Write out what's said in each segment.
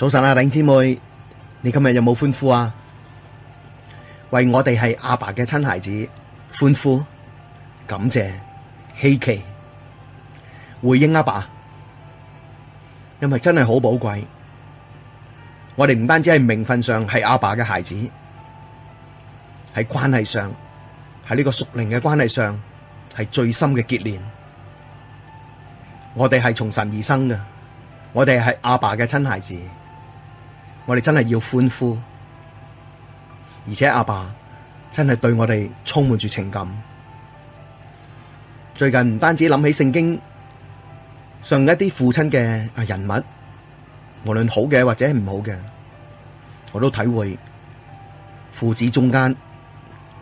早晨啊，頂姊妹，你今日有冇歡呼啊？為我哋係阿爸嘅親孩子歡呼、感謝、希奇、回應阿爸，因為真係好寶貴。我哋唔單止係名分上係阿爸嘅孩子，喺關係上，喺呢個屬靈嘅關係上，係最深嘅結連。我哋係從神而生嘅，我哋係阿爸嘅親孩子。我哋真係要歡呼，而且阿爸真係對我哋充滿住情感。最近唔單止諗起聖經上一啲父親嘅人物，無論好嘅或者唔好嘅，我都體會父子中間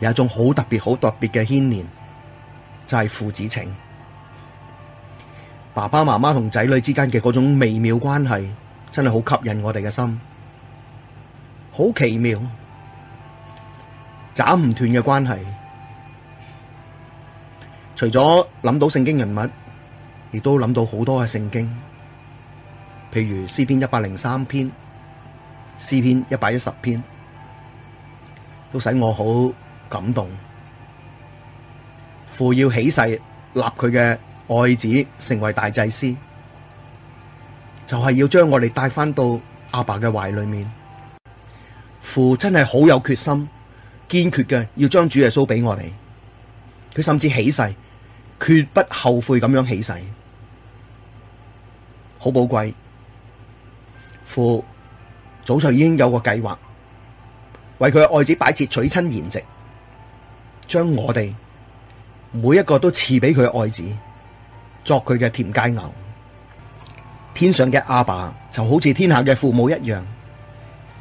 有一種好特別、好特別嘅牽連，就係父子情。爸爸媽媽同仔女之間嘅嗰種微妙關係，真係好吸引我哋嘅心。好奇妙，斬唔斷嘅關係。除咗諗到聖經人物，亦都諗到好多嘅聖經，譬如詩篇一百零三篇、詩篇一百一十篇，都使我好感動。父要起誓立佢嘅愛子成為大祭司，就係要將我哋帶返到阿爸嘅懷裏面。父真係好有決心、堅決嘅，要將主耶穌俾我哋。佢甚至起誓，決不後悔咁樣起誓，好寶貴。父早就已經有個計劃，為佢嘅愛子擺設娶親筵席，將我哋每一個都賜俾佢嘅愛子，作佢嘅甜佳偶。天上嘅阿爸就好似天下嘅父母一樣。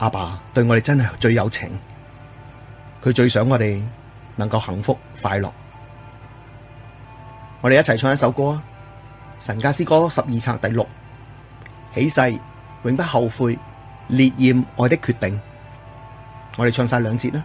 阿爸，爸對我哋真係最有情，佢最想我哋能夠幸福快樂，我哋一齊唱一首歌啊！神家詩歌十二冊第六起誓、永不後悔、烈焰愛的決定，我哋唱晒兩節啦。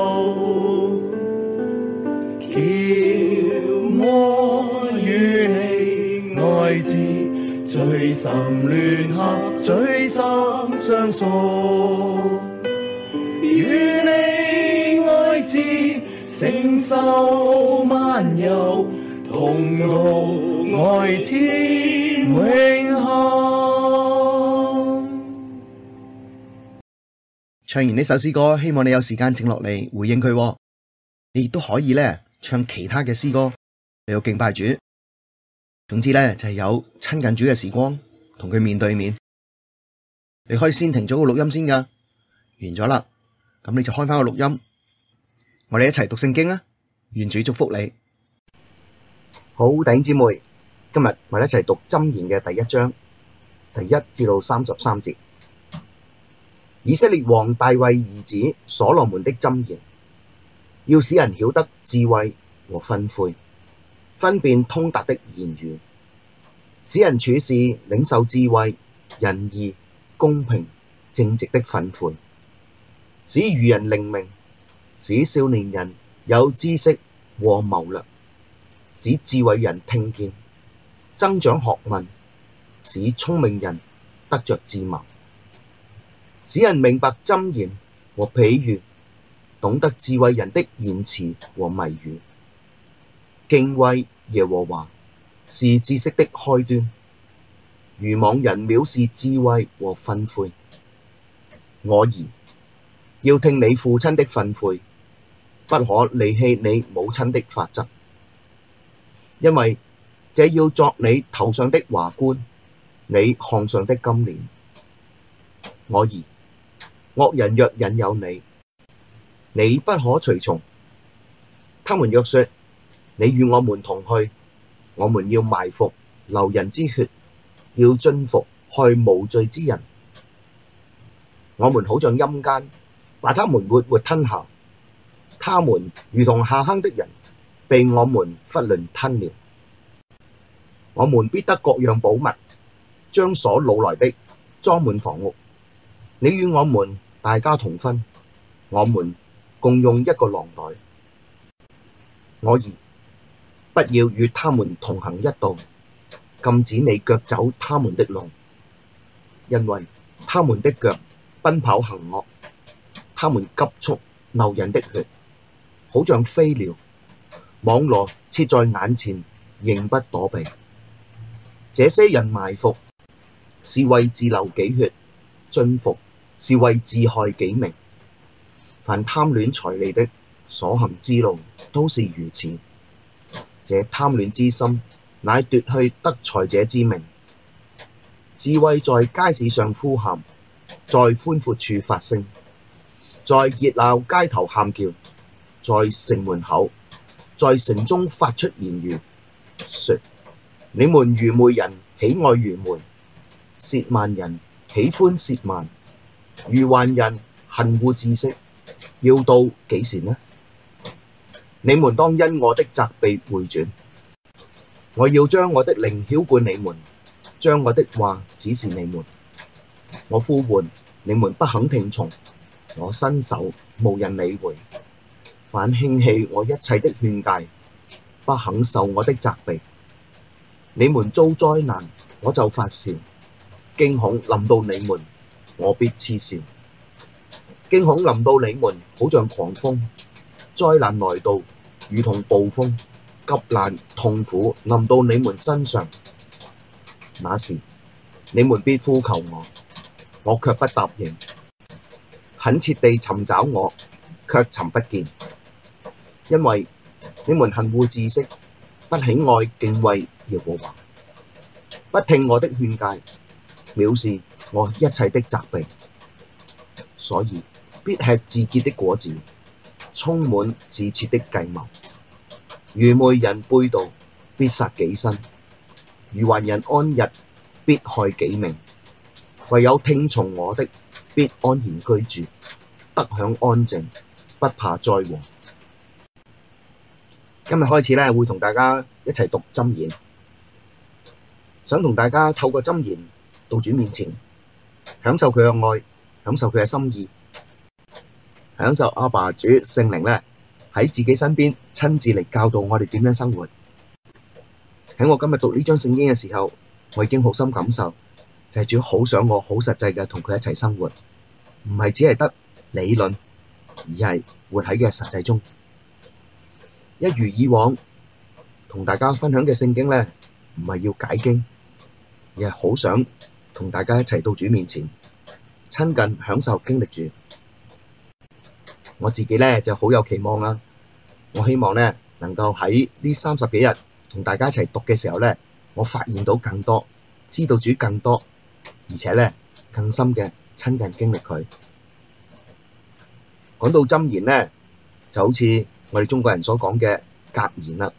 深聯合，最深相屬，與祢愛子承受萬有，同度愛甜永恆。唱完呢首詩歌，希望你有時間請落嚟回應佢。你亦都可以咧唱其他嘅詩歌，你有敬拜主。總之咧就係、是、有親近主嘅時光。同佢面對面，你可以先停咗個錄音先噶。完咗啦，咁你就開翻個錄音，我哋一齊讀聖經啊！願主祝福你。好，弟兄姊妹，今日我哋一齊讀箴言嘅第一章，第一至到三十三節。以色列王大衛兒子所羅門的箴言，要使人曉得智慧和訓誨，分辨通達的言語。使人處事領受智慧、仁義、公平、正直的訓誨，使愚人靈明，使少年人有知識和謀略，使智慧人聽見，增長學問，使聰明人得着智謀，使人明白箴言和譬喻，懂得智慧人的言詞和謎語，敬畏耶和華，是知識的開端，愚妄人藐視智慧和訓誨。我兒，要聽你父親的訓誨，不可離棄你母親的法則，因為這要作你頭上的華冠，你項上的金鏈。我兒，惡人若引誘你，你不可隨從；他們若說你與我們同去，我們要埋伏流人之血，要蹲伏害無罪之人。我們好像陰間，把他們活活吞下。他們如同下坑的人，被我們囫圇吞了。我們必得各樣寶物，將所擄來的裝滿房屋。你與我們大家同分，我們共用一個囊袋。我兒，不要與他們同行一道，禁止你腳走他們的路，因為他們的腳奔跑行惡，他們急速流人的血，好像飛鳥，網羅設在眼前，仍不躲避。這些人埋伏，是為自流己血；蹲伏，是為自害己命。凡貪戀財利的，所行之路都是如此。這貪戀之心，乃奪去得財者之命。智慧在街市上呼喊，在寬闊處發聲，在熱鬧街頭喊叫，在城門口，在城中發出言語。説：你們愚昧人喜愛愚昧，褻慢人喜歡褻慢，愚頑人恨惡知識，要到幾時呢？你們當因我的責備回轉，我要將我的靈澆灌你們，將我的話指示你們。我呼喚你們不肯聽從，我伸手無人理會，反輕棄我一切的勸戒，不肯受我的責備。你們遭災難，我就發笑。驚恐臨到你們，我必嗤笑。驚恐臨到你們，好像狂風。災難來到，如同暴風，急難痛苦臨到你們身上，那時你們必呼求我，我卻不答應。懇切地尋找我，卻尋不見，因為你們恨惡知識，不喜愛敬畏耶和華，不聽我的勸戒，藐視我一切的責備，所以必吃自結的果子，充滿自設的計謀，愚昧人背道，必殺己身；愚頑人安逸，必害己命。唯有聽從我的，必安然居住，得享安靜，不怕災禍。今日開始咧，會同大家一齊讀箴言，想同大家透過箴言到主面前，享受佢嘅愛，享受佢嘅心意。享受阿爸主聖靈呢，喺自己身邊親自嚟教導我哋點樣生活。喺我今日讀呢章聖經嘅時候，我已經好深感受，就係主好想我好實際嘅同佢一齊生活，唔係只係得理論，而係活喺佢嘅實際中。一如以往同大家分享嘅聖經呢，唔係要解經，而係好想同大家一齊到主面前親近享受經歷主。我自己咧就好有期望啦！我希望咧能夠喺呢三十幾日同大家一齊讀嘅時候咧，我發現到更多，知道主更多，而且咧更深嘅親近經歷佢。講到箴言咧，就好似我哋中國人所講嘅格言啦。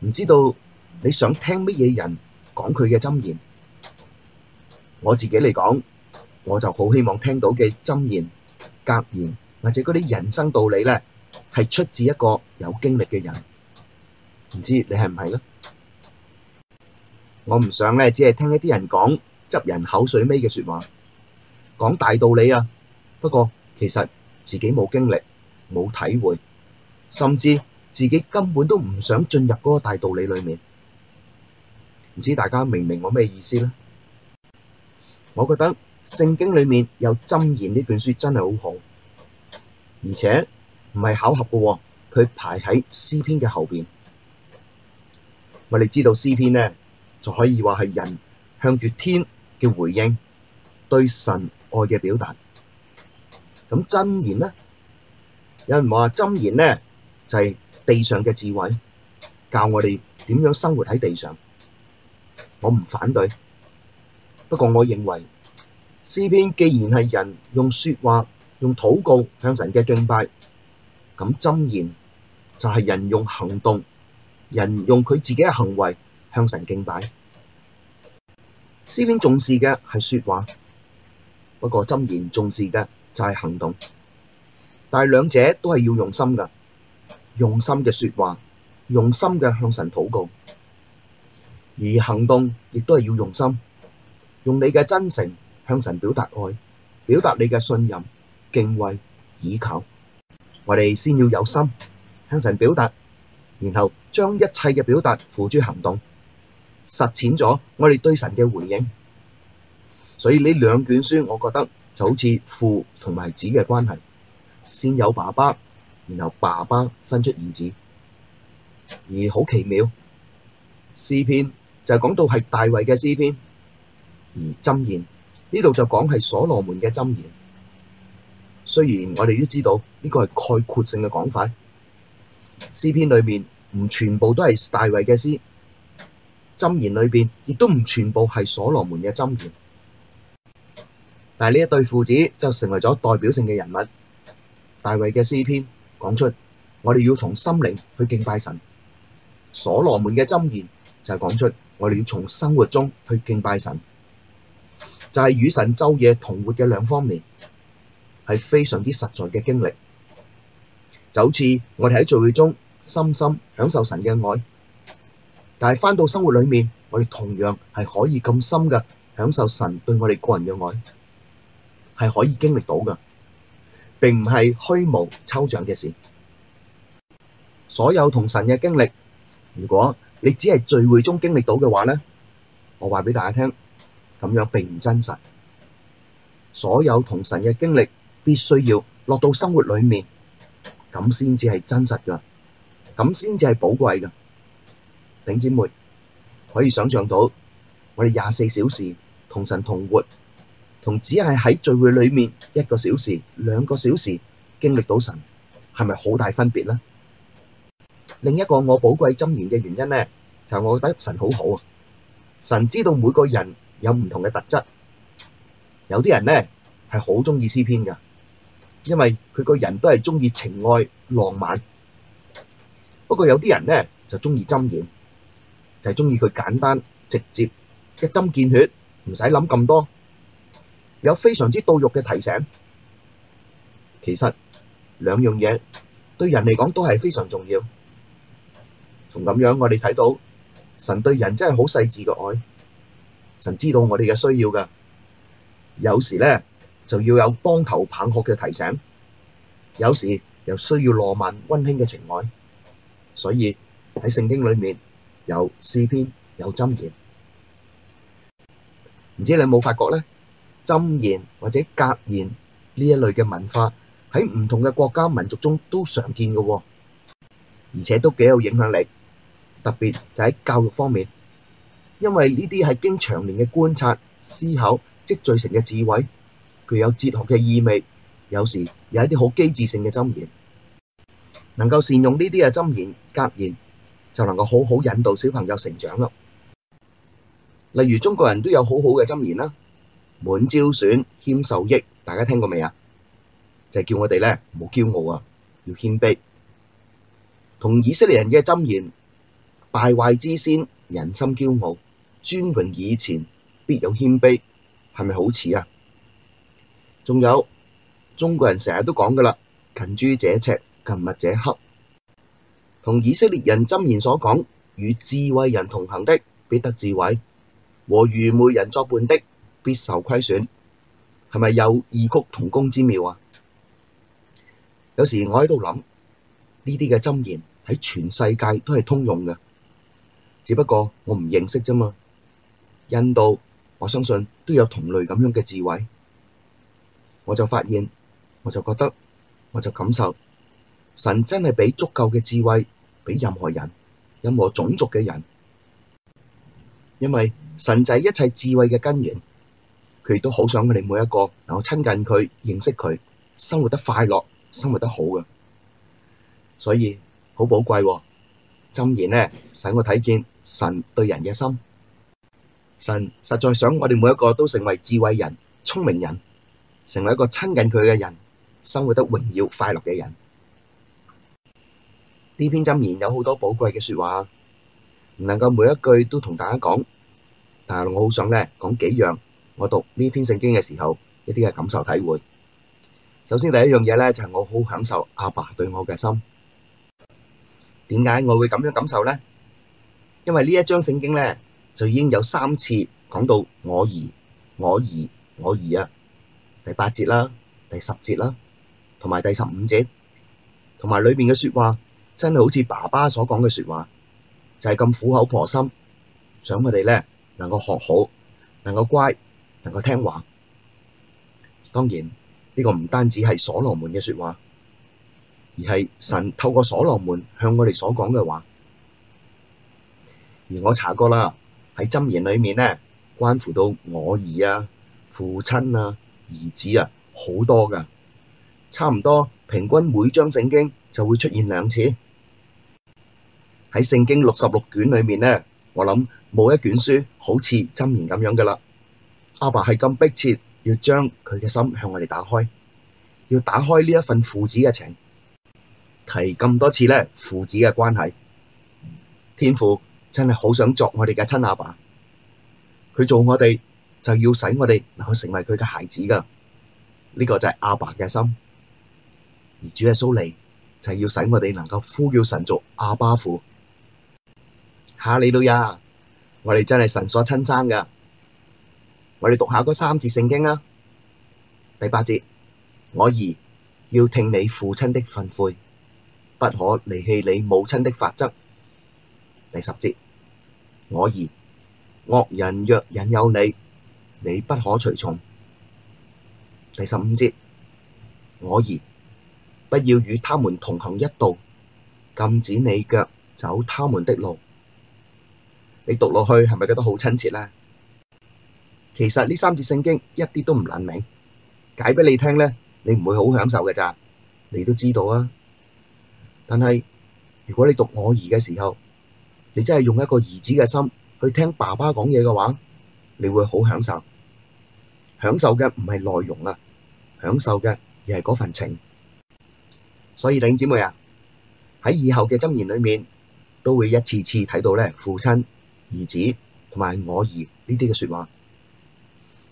唔知道你想聽乜嘢人講佢嘅箴言？我自己嚟講，我就好希望聽到嘅箴言格言，或者嗰啲人生道理咧，係出自一個有經歷嘅人，唔知你係唔係咧？我唔想咧，只係聽一啲人講執人口水尾嘅說話，講大道理啊。不過其實自己冇經歷、冇體會，甚至自己根本都唔想進入嗰個大道理裏面。唔知大家明唔明我咩意思咧？我覺得《聖經》裏面有《箴言》呢本書真係好好。而且唔係巧合嘅，佢排喺詩篇嘅後邊。我哋知道詩篇呢，就可以話係人向住天嘅回應，對神愛嘅表達。咁箴言呢，有人話箴言呢，就係地上嘅智慧，教我哋點樣生活喺地上。我唔反對，不過我認為詩篇既然係人用説話，用禱告向神嘅敬拜，咁箴言就係人用行動，人用佢自己嘅行為向神敬拜。詩篇重視嘅係說話，不過箴言重視嘅就係行動，但係兩者都係要用心噶，用心嘅說話，用心嘅向神禱告，而行動亦都係要用心，用你嘅真誠向神表達愛，表達你嘅信任。敬畏以求，我哋先要有心向神表達，然後將一切嘅表達付諸行動，實踐咗我哋對神嘅回應。所以呢兩卷書，我覺得就好似父同埋子嘅關係，先有爸爸，然後爸爸生出兒子，而好奇妙詩篇就係講到係大衛嘅詩篇，而箴言呢度就講係所羅門嘅箴言。雖然我哋都知道呢個係概括性嘅講法，詩篇裏邊唔全部都係大衛嘅詩，箴言裏邊亦都唔全部係所羅門嘅箴言。但係呢一對父子就成為咗代表性嘅人物。大衛嘅詩篇講出我哋要從心靈去敬拜神，所羅門嘅箴言就係講出我哋要從生活中去敬拜神，就係、是、與神晝夜同活嘅兩方面。係非常之實在嘅經歷，就好似我哋喺聚會中深深享受神嘅愛，但係返到生活裏面，我哋同樣係可以咁深嘅享受神對我哋個人嘅愛，係可以經歷到㗎，並唔係虛無抽象嘅事。所有同神嘅經歷，如果你只係聚會中經歷到嘅話咧，我話俾大家聽，咁樣並唔真實。所有同神嘅經歷。必須要落到生活裏面，咁先至係真實噶，咁先至係寶貴噶。弟兄姊妹可以想象到，我哋廿四小時同神同活，同只係喺聚會裏面一個小時、兩個小時經歷到神，係咪好大分別呢？另一個我寶貴箴言嘅原因呢，就係、是、我覺得神好好啊，神知道每個人有唔同嘅特質，有啲人呢係好中意詩篇噶。因為佢個人都係中意情愛浪漫，不過有啲人咧就中意箴言，就係中意佢簡單直接，一針見血，唔使諗咁多，有非常之到肉嘅提醒。其實兩樣嘢對人嚟講都係非常重要。同咁樣，我哋睇到神對人真係好細緻嘅愛，神知道我哋嘅需要㗎，有時咧。就要有當頭棒喝嘅提醒，有時又需要浪漫溫馨嘅情愛，所以喺聖經裏面有詩篇，有箴言。唔知你有冇發覺咧？箴言或者格言呢一類嘅文化喺唔同嘅國家民族中都常見嘅，而且都幾有影響力，特別就喺教育方面，因為呢啲係經長年嘅觀察、思考積聚成嘅智慧。具有哲學嘅意味，有時有一啲好機智性嘅箴言，能夠善用呢啲嘅箴言格言，就能夠好好引導小朋友成長咯。例如中國人都有好好嘅箴言啦，滿招損，謙受益，大家聽過未啊？就係、是、叫我哋咧唔好驕傲啊，要謙卑。同以色列人嘅箴言，敗壞之先，人心驕傲，尊榮以前必有謙卑，係咪好似啊？仲有中國人成日都講噶啦，近朱者赤，近墨者黑。同以色列人箴言所講，與智慧人同行的必得智慧，和愚昧人作伴的必受虧損，係咪有異曲同工之妙啊？有時我喺度諗，呢啲嘅箴言喺全世界都係通用嘅，只不過我唔認識啫嘛。印度我相信都有同類咁樣嘅智慧。我就發現，我就覺得，我就感受，神真係畀足夠嘅智慧畀任何人，任何種族嘅人，因為神就係一切智慧嘅根源，佢亦都好想我哋每一個能夠親近佢，認識佢，生活得快樂，生活得好嘅，所以好寶貴，箴言呢，使我睇見神對人嘅心，神實在想我哋每一個都成為智慧人、聰明人。成為一個親近佢嘅人，生活得榮耀快樂嘅人。呢篇箴言有好多寶貴嘅說話，唔能夠每一句都同大家講，但係我好想咧講幾樣。我讀呢篇聖經嘅時候，一啲嘅感受體會。首先第一樣嘢咧，就係我好享受阿爸，爸對我嘅心。點解我會咁樣感受咧？因為呢一章聖經咧就已經有三次講到我兒，我兒，我兒啊。第八節啦，第十節啦，同埋第十五節，同埋裏面嘅說話真係好似爸爸所講嘅說話，就係咁苦口婆心，想我哋咧能夠學好，能夠乖，能夠聽話。當然呢個唔單止係所羅門嘅說話，而係神透過所羅門向我哋所講嘅話。而我查過啦，喺箴言裏面咧，關乎到我兒啊、父親啊。兒子啊，好多噶，差唔多平均每章聖經就會出現兩次。喺聖經六十六卷裏面呢，我諗冇一卷書好似箴言咁樣噶啦。阿爸係咁迫切要將佢嘅心向我哋打開，要打開呢一份父子嘅情，提咁多次呢父子嘅關係。天父真係好想作我哋嘅親阿爸，佢做我哋就要使我哋能夠成為佢嘅孩子噶，呢、這個就係阿爸嘅心，而主耶穌嚟，就要使我哋能夠呼叫神族阿爸父。哈利路亞，我哋真係神所親生噶。我哋讀下嗰三字聖經啊，第八節，我兒要聽你父親的訓誨，不可離棄你母親的法則。第十節，我兒，惡人若引誘你。你不可隨從。第十五節，我兒，不要與他們同行一道，禁止你腳走他們的路。你讀落去係咪覺得好親切呢？其實呢三節聖經一啲都唔難明，解俾你聽呢，你唔會好享受嘅咋，你都知道啊。但係如果你讀我兒嘅時候，你真係用一個兒子嘅心去聽爸爸講嘢嘅話。你會好享受，享受嘅唔係內容啦，享受嘅而係嗰份情。所以弟兄姊妹啊，喺以後嘅箴言裏面，都會一次次睇到咧父親、兒子同埋我兒呢啲嘅說話。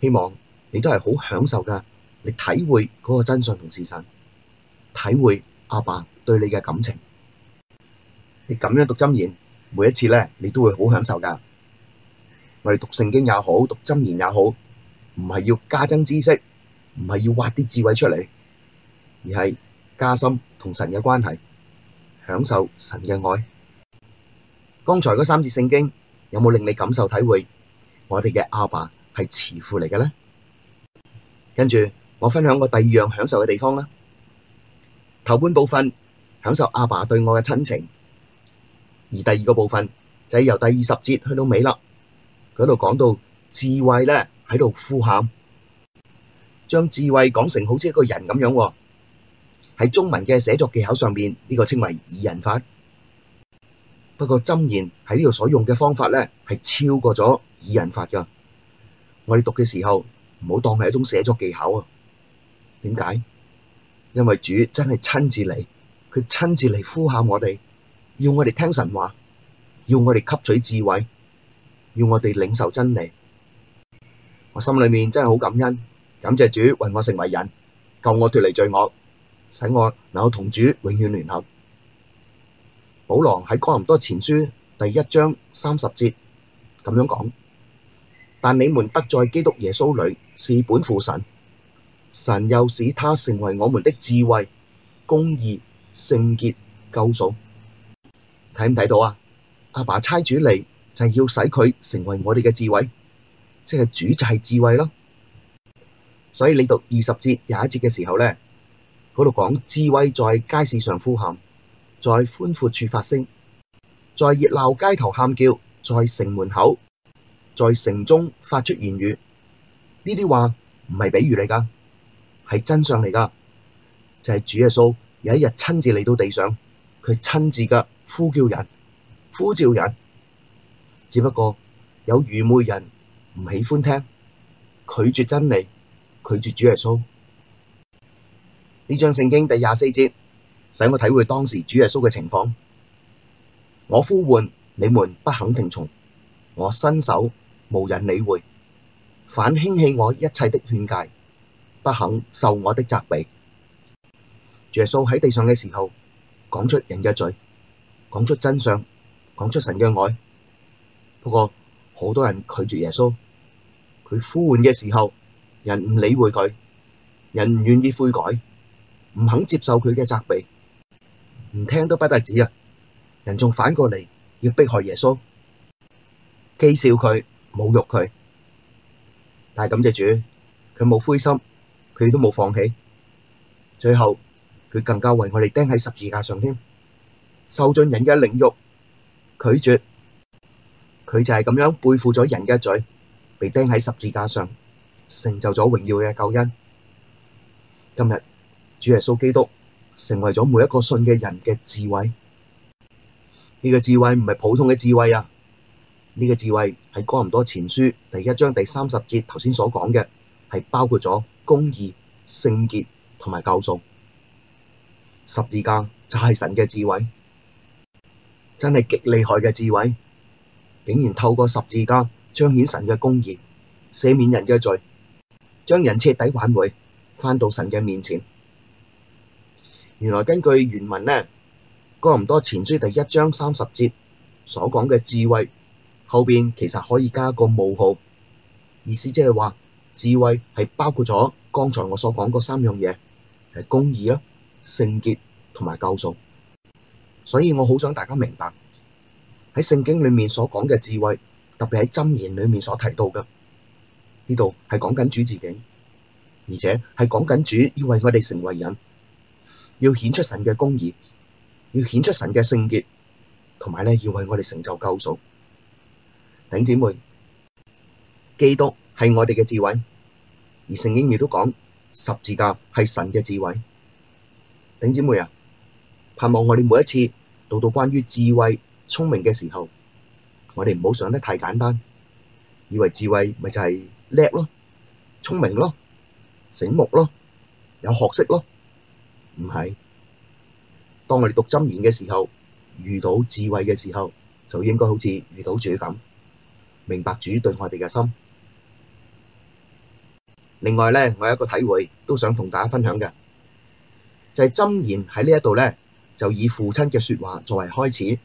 希望你都係好享受噶，你體會嗰個真相同事實，體會阿爸對你嘅感情。你咁樣讀箴言，每一次咧你都會好享受噶。我哋讀聖經也好，讀箴言也好，唔係要加增知識，唔係要挖啲智慧出嚟，而係加深同神嘅關係，享受神嘅愛。剛才嗰三節聖經有冇令你感受體會我哋嘅阿爸係慈父嚟嘅咧？跟住我分享個第二樣享受嘅地方啦。頭半部分享受阿爸對我嘅親情，而第二個部分就係由第二十節去到尾啦。嗰度講到智慧咧，喺度呼喊，將智慧講成好似一個人咁樣喎。喺中文嘅寫作技巧上面，呢個稱為擬人法。不過箴言喺呢度所用嘅方法咧，係超過咗擬人法噶。我哋讀嘅時候唔好當係一種寫作技巧啊。點解？因為主真係親自嚟，佢親自嚟呼喊我哋，要我哋聽神話，要我哋吸取智慧。要我哋領受真理，我心裏面真係好感恩，感謝主為我成為人，救我脫離罪惡，使我能夠同主永遠聯合。保羅喺哥林多前書第一章三十節咁樣講：但你們得在基督耶穌裏是本父神，神又使他成為我們的智慧、公義、聖潔、救贖。睇唔睇到啊？阿爸差主你。就係要使佢成為我哋嘅智慧，即係主就係智慧咯。所以你讀二十節、廿一節嘅時候咧，嗰度講智慧在街市上呼喊，在寬闊處發聲，在熱鬧街頭喊叫，在城門口，在城中發出言語。呢啲話唔係比喻嚟㗎，係真相嚟㗎。就係主耶穌有一日親自嚟到地上，佢親自嘅呼叫人、呼召人。只不過有愚昧人唔喜歡聽，拒絕真理，拒絕主耶穌。呢章聖經第廿四節，使我體會當時主耶穌嘅情況。我呼喚你們，不肯聽從；我伸手，無人理會，反輕棄我一切的勸戒，不肯受我的責備。主耶穌喺地上嘅時候，講出人嘅罪，講出真相，講出神嘅愛。不過好多人拒絕耶穌，佢呼喚嘅時候，人唔理會佢，人唔願意悔改，唔肯接受佢嘅責備，唔聽都不得止啊！人仲反過嚟要迫害耶穌，譏笑佢，侮辱佢。但係感謝主，佢冇灰心，佢都冇放棄。最後佢更加為我哋釘喺十字架上添，受盡人嘅凌辱，拒絕。佢就係咁樣背負咗人嘅罪，被釘喺十字架上，成就咗榮耀嘅救恩。今日主耶穌基督成為咗每一個信嘅人嘅智慧。呢個智慧唔係普通嘅智慧啊！呢個智慧係哥林多前書第一章第三十節頭先所講嘅，係包括咗公義、聖潔同埋救贖。十字架就係神嘅智慧，真係極厲害嘅智慧。竟然透過十字架彰顯神嘅公義，赦免人嘅罪，將人徹底挽回，返到神嘅面前。原來根據原文呢，哥林多前書第一章三十節所講嘅智慧，後邊其實可以加個冒號，意思即係話智慧係包括咗剛才我所講嗰三樣嘢，係公義啊、聖潔同埋救贖。所以我好想大家明白。喺聖經裏面所講嘅智慧，特別喺箴言裏面所提到嘅，呢度係講緊主自己，而且係講緊主要為我哋成為人，要顯出神嘅公義，要顯出神嘅聖潔，同埋咧要為我哋成就救贖。頂姐妹，基督係我哋嘅智慧，而聖經亦都講十字架係神嘅智慧。頂姐妹啊，盼望我哋每一次讀到關於智慧、聰明嘅時候，我哋唔好想得太簡單，以為智慧咪就係叻咯、聰明咯、醒目咯、有學識咯，唔係。當我哋讀箴言嘅時候，遇到智慧嘅時候，就應該好似遇到主咁，明白主對我哋嘅心。另外咧，我有一個體會，都想同大家分享嘅，就係箴言喺呢一度咧，就以父親嘅説話作為開始。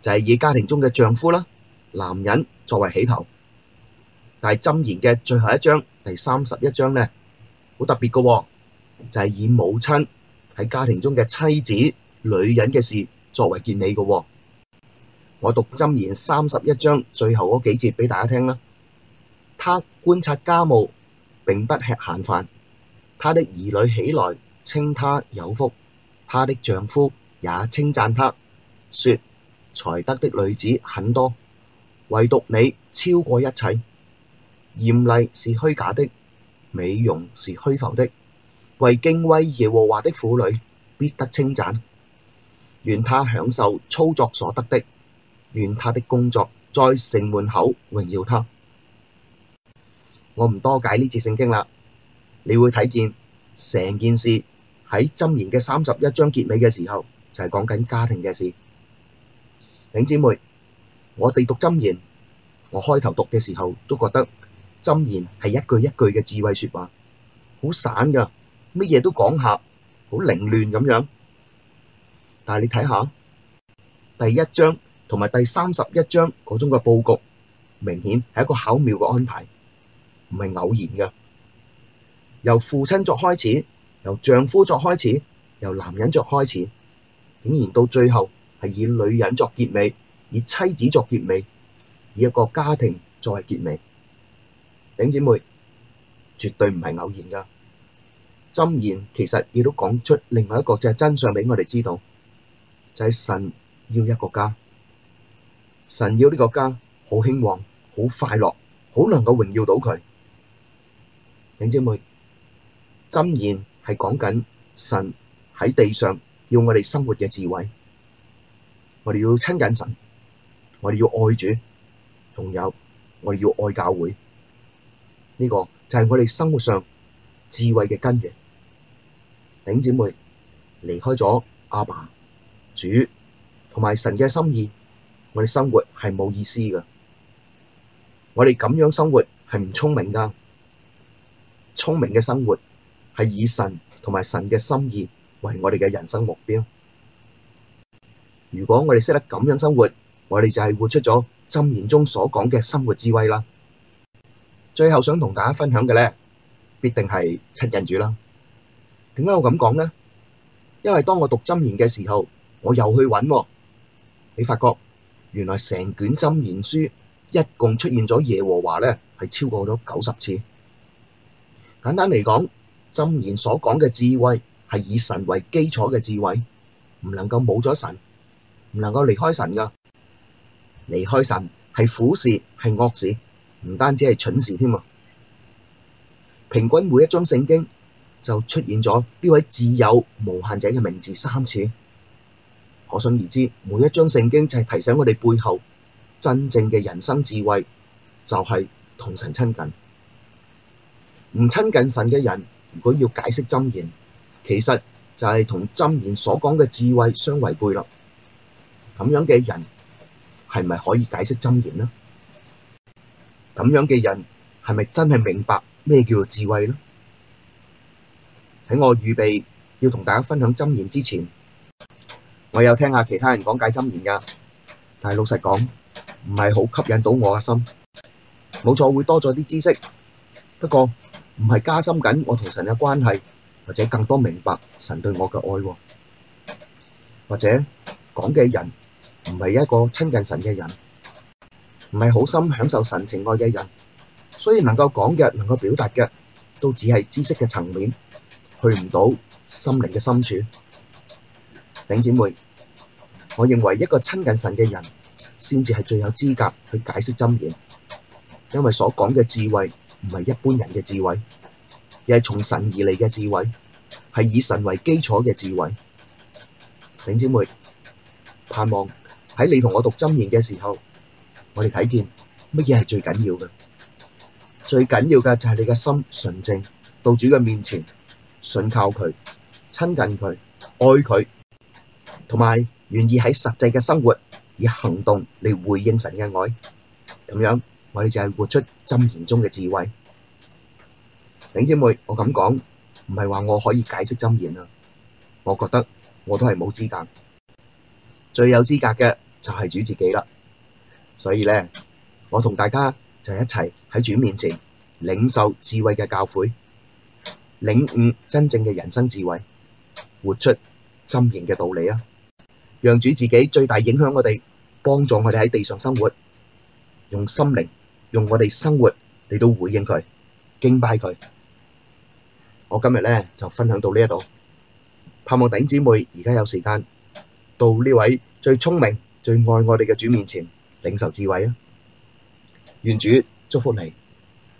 就係以家庭中嘅丈夫啦、男人作為起頭，但係《箴言》嘅最後一章第三十一章呢，好特別嘅、哦，就係、是、以母親喺家庭中嘅妻子、女人嘅事作為結尾嘅、哦。我讀《箴言》三十一章最後嗰幾節畀大家聽啦。她觀察家務，並不吃閒飯。她的兒女起來稱她有福，她的丈夫也稱讚她，說：才德的女子很多，唯獨你超過一切。艷麗是虛假的，美容是虛浮的。為敬畏耶和華的婦女，必得稱讚。願她享受操作所得的，願她的工作在城門口榮耀她。我唔多解呢次聖經啦，你會睇見成件事喺《箴言》嘅三十一章結尾嘅時候，就係講緊家庭嘅事。兄姐妹，我哋讀箴言，我開頭讀嘅時候都覺得箴言係一句一句嘅智慧說話，好散噶，乜嘢都講下，好凌亂咁樣。但係你睇下第一章同埋第三十一章嗰種嘅布局，明顯係一個巧妙嘅安排，唔係偶然嘅。由父親作開始，由丈夫作開始，由男人作開始，竟然到最後。係以女人作結尾，以妻子作結尾，以一個家庭作為結尾。頂姐妹，絕對唔係偶然㗎。箴言其實亦都講出另外一個就係真相畀我哋知道，就係神要一個家，神要呢個家好興旺、好快樂、好能夠榮耀到佢。頂姐妹，箴言係講緊神喺地上要我哋生活嘅智慧。我哋要親近神，我哋要愛主，仲有我哋要愛教會，呢個就係我哋生活上智慧嘅根源。頂姊妹離開咗阿爸、主同埋神嘅心意，我哋生活係冇意思噶。我哋咁樣生活係唔聰明噶，聰明嘅生活係以神同埋神嘅心意為我哋嘅人生目標。如果我哋識得咁樣生活，我哋就係活出咗箴言中所講嘅生活智慧啦。最後想同大家分享嘅咧，必定係七人住啦。點解我咁講咧？因為當我讀箴言嘅時候，我又去揾、啊，你發覺原來成卷箴言書一共出現咗耶和華咧係超過咗九十次。簡單嚟講，箴言所講嘅智慧係以神為基礎嘅智慧，唔能夠冇咗神。唔能夠離開神噶，離開神係苦事，係惡事，唔單止係蠢事添啊！平均每一章聖經就出現咗呢位自有無限者嘅名字三次，可想而知，每一章聖經就提醒我哋背後真正嘅人生智慧就係同神親近。唔親近神嘅人，如果要解釋箴言，其實就係同箴言所講嘅智慧相違背啦。咁樣嘅人係咪可以解釋箴言呢？咁樣嘅人係咪真係明白咩叫做智慧呢？喺我預備要同大家分享箴言之前，我有聽下其他人講解箴言㗎，但係老實講唔係好吸引到我嘅心。冇錯，會多咗啲知識，不過唔係加深緊我同神嘅關係，或者更多明白神對我嘅愛，或者講嘅人。唔係一個親近神嘅人，唔係好心享受神情愛嘅人，所以能夠講嘅、能夠表達嘅，都只係知識嘅層面，去唔到心靈嘅深處。頂姐妹，我認為一個親近神嘅人，先至係最有資格去解釋箴言，因為所講嘅智慧唔係一般人嘅智慧，而係從神而嚟嘅智慧，係以神為基礎嘅智慧。頂姐妹，盼望。喺你同我讀箴言嘅時候，我哋睇見乜嘢係最緊要嘅？最緊要嘅就係你嘅心純正，到主嘅面前信靠佢，親近佢，愛佢，同埋願意喺實際嘅生活以行動嚟回應神嘅愛。咁樣我哋就係活出箴言中嘅智慧。弟兄姊妹，我咁講唔係話我可以解釋箴言啊，我覺得我都係冇資格，最有資格嘅。就係主自己啦，所以咧，我同大家就一齊喺主面前領受智慧嘅教誨，領悟真正嘅人生智慧，活出箴言嘅道理啊！讓主自己最大影響我哋，幫助我哋喺地上生活，用心靈，用我哋生活，嚟到回應佢，敬拜佢。我今日咧就分享到呢一度，盼望弟兄姊妹而家有時間到呢位最聰明，最愛我哋嘅主面前，領受智慧啊！願主祝福你。